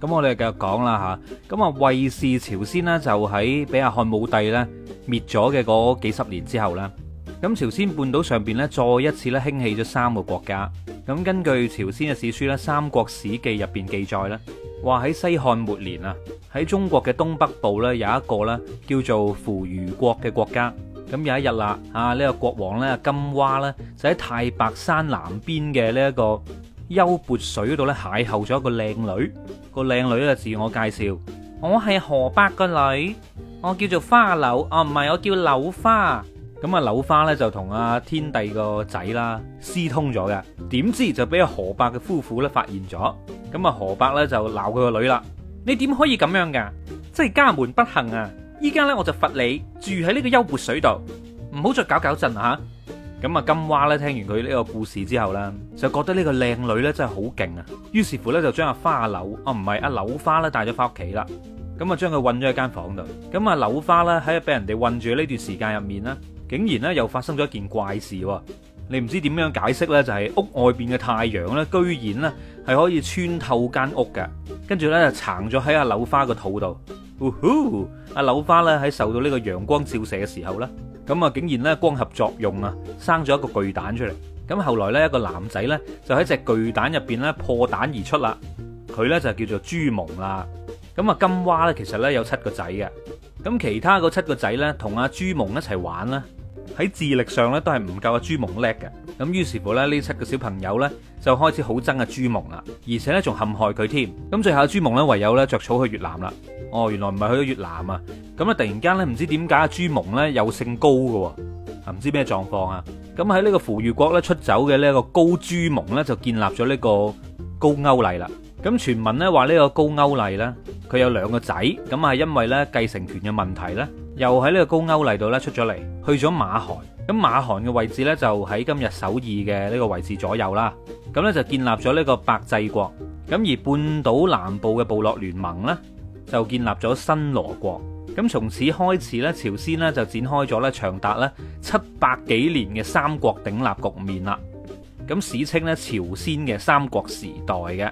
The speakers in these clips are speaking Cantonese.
咁我哋繼續講啦吓，咁啊衛氏朝鮮呢，就喺俾阿漢武帝咧滅咗嘅嗰幾十年之後咧，咁朝鮮半島上邊咧再一次咧興起咗三個國家。咁根據朝鮮嘅史書咧《三國史記》入邊記載咧，話喺西漢末年啊，喺中國嘅東北部咧有一個咧叫做扶餘國嘅國家。咁有一日啦，啊呢、這個國王咧金蛙咧就喺太白山南邊嘅呢一個優渤水嗰度咧邂逅咗一個靚女。靚女咧自我介紹，我係河伯個女，我叫做花柳，哦唔係我叫柳花。咁啊柳花呢就同阿天帝個仔啦私通咗嘅，點知就俾阿河伯嘅夫婦呢發現咗，咁啊河伯呢就鬧佢個女啦，你點可以咁樣噶？即係家門不幸啊！依家呢，我就罰你住喺呢個幽活水度，唔好再搞搞震啦吓。啊咁啊，金蛙咧聽完佢呢個故事之後呢，就覺得呢個靚女呢真係好勁啊！於是乎呢，就將阿花柳啊，唔係阿柳花呢，帶咗翻屋企啦。咁啊，將佢韞咗喺間房度。咁啊，柳花呢，喺俾人哋韞住呢段時間入面呢，竟然呢又發生咗一件怪事。你唔知點樣解釋呢？就係、是、屋外邊嘅太陽呢，居然呢係可以穿透間屋嘅。跟住呢，就藏咗喺阿柳花個肚度。嗚、uh、呼！阿、huh, 柳花呢，喺受到呢個陽光照射嘅時候呢。咁啊，竟然咧光合作用啊，生咗一個巨蛋出嚟。咁後來呢，一個男仔呢，就喺隻巨蛋入邊呢破蛋而出啦。佢呢，就叫做朱蒙啦。咁啊，金蛙呢，其實呢，有七個仔嘅。咁其他嗰七個仔呢，同阿朱蒙一齊玩咧，喺智力上呢，都係唔夠阿朱蒙叻嘅。咁於是乎咧，呢七個小朋友呢，就開始好憎阿朱蒙啦，而且呢，仲陷害佢添。咁最後朱蒙呢，唯有呢，着草去越南啦。哦，原來唔係去咗越南啊！咁咧，突然間咧，唔知點解朱蒙咧又姓高㗎喎，唔知咩狀況啊？咁喺呢個扶餘國咧出走嘅呢一個高朱蒙咧，就建立咗呢個高句麗啦。咁傳聞咧話呢個高句麗咧，佢有兩個仔，咁係因為咧繼承權嘅問題咧，又喺呢個高句麗度咧出咗嚟，去咗馬韓。咁馬韓嘅位置咧就喺今日首爾嘅呢個位置左右啦。咁咧就建立咗呢個百濟國。咁而半島南部嘅部落聯盟咧，就建立咗新羅國。咁，從此開始咧，朝鮮咧就展開咗咧長達咧七百幾年嘅三國鼎立局面啦。咁史稱咧朝鮮嘅三國時代嘅。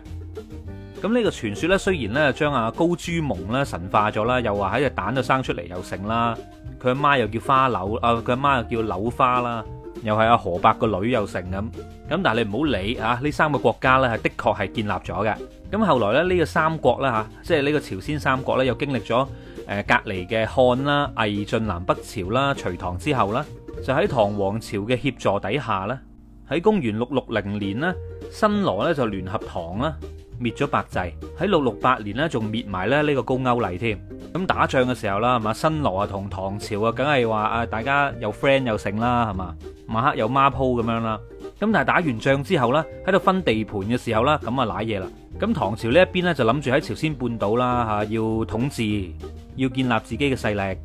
咁、這、呢個傳說咧，雖然咧將阿高朱蒙咧神化咗啦，又話喺隻蛋度生出嚟又成啦。佢阿媽又叫花柳啊，佢阿媽又叫柳花啦，又係阿河伯個女又成咁。咁但係你唔好理啊，呢三個國家咧，係的確係建立咗嘅。咁後來咧，呢、這個三國咧嚇，即係呢個朝鮮三國咧，又經歷咗。誒隔離嘅漢啦、魏晉南北朝啦、隋唐之後啦，就喺唐王朝嘅協助底下啦，喺公元六六零年咧，新羅咧就聯合唐啦滅咗百濟。喺六六八年呢，仲滅埋咧呢個高句麗添。咁打仗嘅時候啦，係嘛新羅啊同唐朝啊，梗係話啊，大家有 friend 又剩啦，係嘛晚黑有孖鋪咁樣啦。咁但係打完仗之後咧，喺度分地盤嘅時候啦，咁啊賴嘢啦。咁唐朝呢一邊呢，就諗住喺朝鮮半島啦嚇要統治。要建立自己嘅勢力，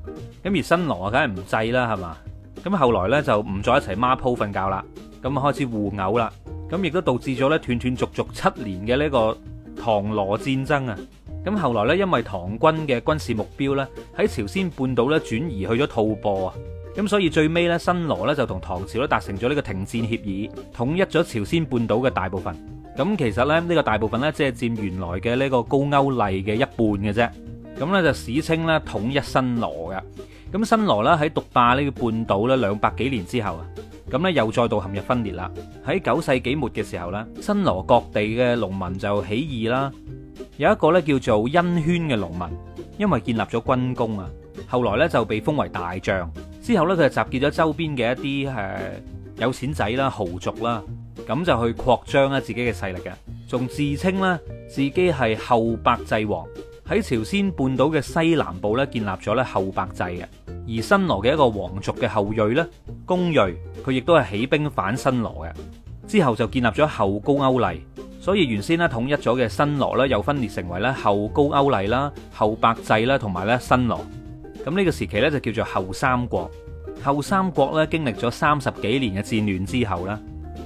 咁而新羅啊，梗係唔制啦，係嘛？咁後來呢，就唔再一齊孖鋪瞓覺啦，咁啊開始互毆啦，咁亦都導致咗呢斷斷續續七年嘅呢個唐羅戰爭啊。咁後來呢，因為唐軍嘅軍事目標呢，喺朝鮮半島呢轉移去咗吐蕃啊，咁所以最尾呢，新羅呢就同唐朝呢達成咗呢個停戰協議，統一咗朝鮮半島嘅大部分。咁其實呢，呢個大部分呢，即係佔原來嘅呢個高句麗嘅一半嘅啫。咁呢，就史稱咧統一新羅噶，咁新羅啦喺獨霸呢個半島咧兩百幾年之後啊，咁咧又再度陷入分裂啦。喺九世紀末嘅時候咧，新羅各地嘅農民就起義啦，有一個呢叫做恩圈嘅農民，因為建立咗軍功啊，後來呢就被封為大將，之後呢，佢就集結咗周邊嘅一啲誒有錢仔啦豪族啦，咁就去擴張咧自己嘅勢力嘅，仲自稱呢，自己係後百濟王。喺朝鮮半島嘅西南部咧，建立咗咧後百濟嘅，而新羅嘅一個皇族嘅後裔咧，弓裔，佢亦都係起兵反新羅嘅，之後就建立咗後高句麗，所以原先咧統一咗嘅新羅咧，又分裂成為咧後高句麗啦、後百濟啦同埋咧新羅，咁呢個時期咧就叫做後三國。後三國咧經歷咗三十幾年嘅戰亂之後咧，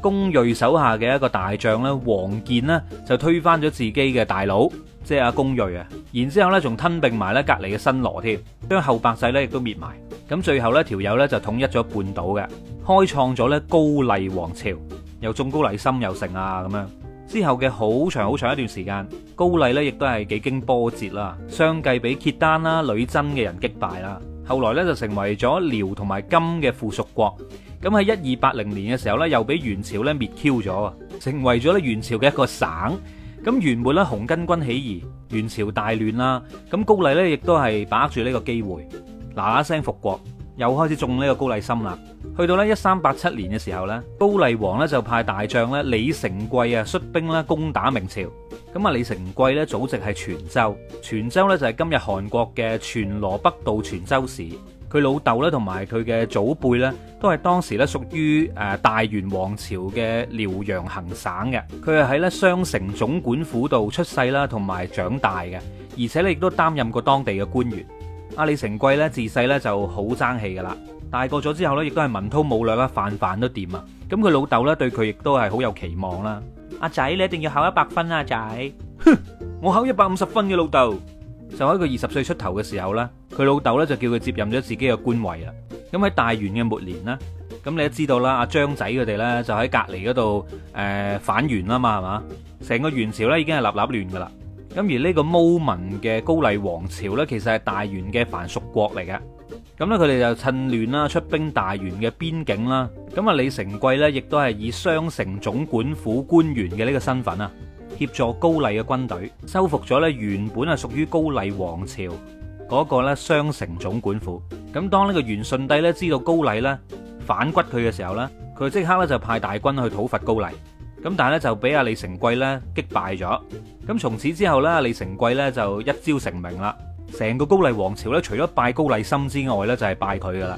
弓裔手下嘅一個大將咧王建呢，就推翻咗自己嘅大佬。即係阿弓裔啊，然之後呢，仲吞並埋呢隔離嘅新羅添，將後百濟呢亦都滅埋。咁最後呢條友呢，就統一咗半島嘅，開創咗呢高麗王朝。又中高麗，心又成啊咁樣。之後嘅好長好長一段時間，高麗呢亦都係幾經波折啦，相繼俾契丹啦、女真嘅人擊敗啦。後來呢就成為咗遼同埋金嘅附屬國。咁喺一二八零年嘅時候呢，又俾元朝呢滅 Q 咗啊，成為咗咧元朝嘅一個省。咁元末咧，紅巾軍起義，元朝大亂啦。咁高麗呢，亦都係把握住呢個機會，嗱嗱聲復國，又開始種呢個高麗心啦。去到呢，一三八七年嘅時候呢，高麗王呢，就派大將咧李成桂啊，率兵咧攻打明朝。咁啊，李成桂呢，祖籍係全州，全州呢，就係今日韓國嘅全羅北道全州市。佢老豆咧，同埋佢嘅祖輩咧，都係當時咧屬於誒大元王朝嘅遼陽行省嘅。佢係喺咧商城總管府度出世啦，同埋長大嘅。而且咧亦都擔任過當地嘅官員。阿李成桂咧，自細咧就好爭氣噶啦。大個咗之後咧，亦都係文韜武略啦，泛泛都掂啊。咁佢老豆咧對佢亦都係好有期望啦。阿仔，你一定要考一百分啊！仔，哼，我考一百五十分嘅老豆。就喺佢二十歲出頭嘅時候呢，佢老豆呢就叫佢接任咗自己嘅官位啦。咁喺大元嘅末年呢，咁你都知道啦，阿張仔佢哋呢就喺隔離嗰度誒，反元啦嘛，係嘛？成個元朝呢已經係立立亂噶啦。咁而呢個毛民嘅高麗王朝呢，其實係大元嘅藩屬國嚟嘅。咁咧佢哋就趁亂啦，出兵大元嘅邊境啦。咁啊李成桂呢，亦都係以雙城總管府官員嘅呢個身份啊。協助高麗嘅軍隊收復咗咧原本係屬於高麗王朝嗰個咧雙城總管府。咁當呢個元順帝咧知道高麗咧反骨佢嘅時候咧，佢即刻咧就派大軍去討伐高麗。咁但係咧就俾阿李成桂咧擊敗咗。咁從此之後咧，李成桂咧就一朝成名啦。成個高麗王朝咧，除咗拜高麗心之外咧，就係拜佢噶啦。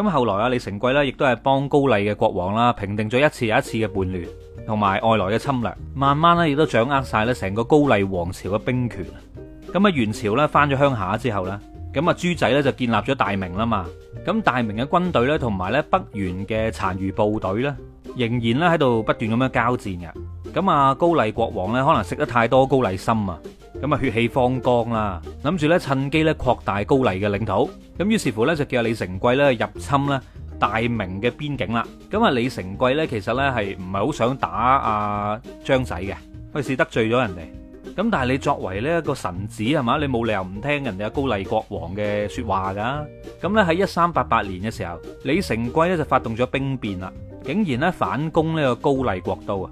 咁後來啊，李成桂咧，亦都係幫高麗嘅國王啦平定咗一次又一次嘅叛亂，同埋外來嘅侵略，慢慢咧亦都掌握晒咧成個高麗王朝嘅兵權。咁啊，元朝咧翻咗鄉下之後咧，咁啊朱仔咧就建立咗大明啦嘛。咁大明嘅軍隊咧，同埋咧北元嘅殘餘部隊咧，仍然咧喺度不斷咁樣交戰嘅。咁啊，高麗國王咧可能食得太多高麗參啊。咁啊，血氣方剛啦，諗住咧趁機咧擴大高麗嘅領土。咁於是乎咧就叫李成桂咧入侵咧大明嘅邊境啦。咁啊，李成桂咧其實咧係唔係好想打阿張仔嘅，費事得罪咗人哋。咁但係你作為呢一個臣子係嘛，你冇理由唔聽人哋阿高麗國王嘅説話㗎。咁咧喺一三八八年嘅時候，李成桂咧就發動咗兵變啦，竟然咧反攻呢個高麗國都啊！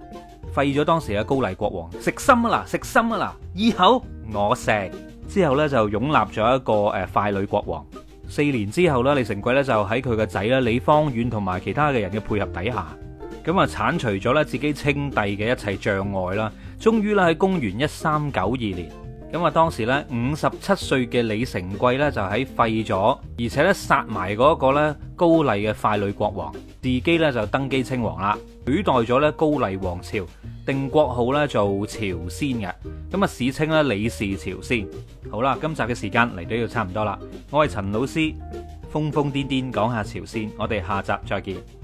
廢咗當時嘅高麗國王，食心啊嗱，食心啊嗱，以後我食，之後呢，就擁立咗一個誒傀儡國王。四年之後呢，李成桂呢，就喺佢個仔咧李芳遠同埋其他嘅人嘅配合底下，咁啊鏟除咗咧自己稱帝嘅一切障礙啦，終於咧喺公元一三九二年，咁啊當時呢，五十七歲嘅李成桂呢，就喺廢咗，而且咧殺埋嗰一個咧高麗嘅傀儡國王，自己咧就登基稱王啦，取代咗咧高麗王朝。定國號咧做朝鮮嘅，咁啊史稱咧李氏朝鮮。好啦，今集嘅時間嚟到呢度差唔多啦，我係陳老師，瘋瘋癲癲講下朝鮮，我哋下集再見。